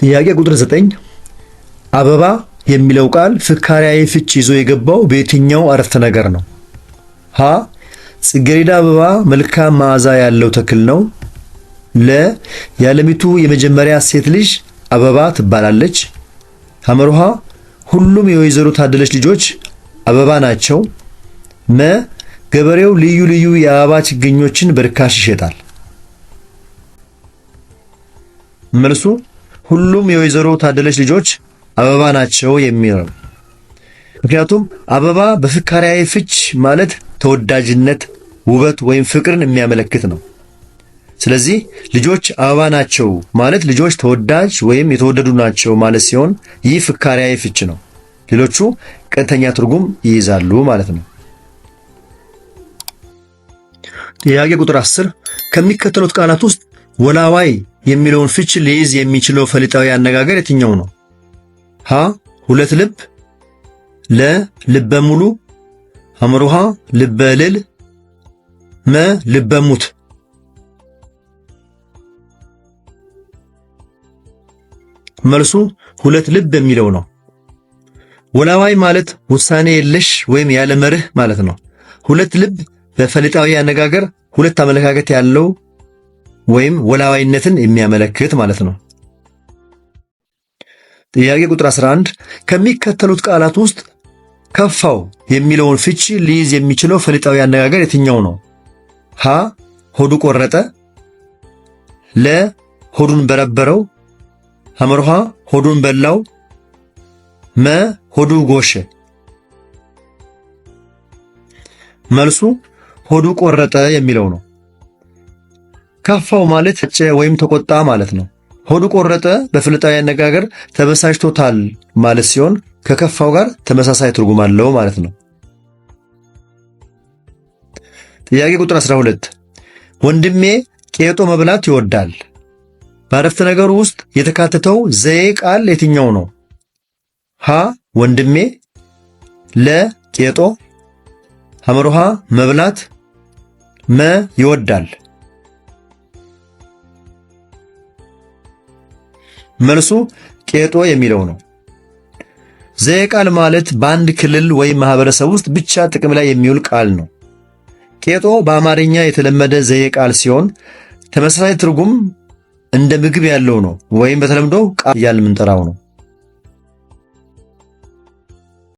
ጥያቄ ቁጥር 9 አበባ የሚለው ቃል ፍካሪያዊ ፍች ይዞ የገባው በየትኛው አረፍተ ነገር ነው? ሀ ጽጌረዳ አበባ መልካም መዓዛ ያለው ተክል ነው። ለ የዓለሚቱ የመጀመሪያ ሴት ልጅ አበባ ትባላለች። ሐመርሃ ሁሉም የወይዘሮ ታደለች ልጆች አበባ ናቸው። መ ገበሬው ልዩ ልዩ የአበባ ችግኞችን በርካሽ ይሸጣል። መልሱ ሁሉም የወይዘሮ ታደለች ልጆች አበባ ናቸው የሚል ነው። ምክንያቱም አበባ በፍካሪያዊ ፍች ማለት ተወዳጅነት፣ ውበት ወይም ፍቅርን የሚያመለክት ነው። ስለዚህ ልጆች አበባ ናቸው ማለት ልጆች ተወዳጅ ወይም የተወደዱ ናቸው ማለት ሲሆን ይህ ፍካሪያዊ ፍች ነው። ሌሎቹ ቀጥተኛ ትርጉም ይይዛሉ ማለት ነው። ጥያቄ ቁጥር 10 ከሚከተሉት ቃላት ውስጥ ወላዋይ የሚለውን ፍች ሊይዝ የሚችለው ፈሊጣዊ አነጋገር የትኛው ነው? ሀ ሁለት ልብ፣ ለ ልበ ሙሉ፣ አምሩሃ ልበ ልል፣ መ ልበ ሙት። መልሱ ሁለት ልብ የሚለው ነው። ወላዋይ ማለት ውሳኔ የለሽ ወይም ያለ መርህ ማለት ነው። ሁለት ልብ በፈሊጣዊ አነጋገር ሁለት አመለካከት ያለው ወይም ወላዋይነትን የሚያመለክት ማለት ነው። ጥያቄ ቁጥር 11 ከሚከተሉት ቃላት ውስጥ ከፋው የሚለውን ፍቺ ሊይዝ የሚችለው ፈሊጣዊ አነጋገር የትኛው ነው? ሀ ሆዱ ቆረጠ፣ ለ ሆዱን በረበረው፣ አመርሃ ሆዱን በላው፣ መ ሆዱ ጎሸ። መልሱ ሆዱ ቆረጠ የሚለው ነው። ከፋው ማለት ተጨ ወይም ተቆጣ ማለት ነው። ሆዱ ቆረጠ በፍልጣዊ አነጋገር ተበሳጭቶታል ማለት ሲሆን ከከፋው ጋር ተመሳሳይ ትርጉም አለው ማለት ነው። ጥያቄ ቁጥር 12 ወንድሜ ቄጦ መብላት ይወዳል። በአረፍተ ነገር ውስጥ የተካተተው ዘዬ ቃል የትኛው ነው? ሀ ወንድሜ፣ ለ ቄጦ፣ ሐመር መብላት፣ መ ይወዳል መልሱ ቄጦ የሚለው ነው። ዘየ ቃል ማለት በአንድ ክልል ወይም ማህበረሰብ ውስጥ ብቻ ጥቅም ላይ የሚውል ቃል ነው። ቄጦ በአማርኛ የተለመደ ዘየ ቃል ሲሆን ተመሳሳይ ትርጉም እንደ ምግብ ያለው ነው፣ ወይም በተለምዶ ቃል እያልን የምንጠራው ነው።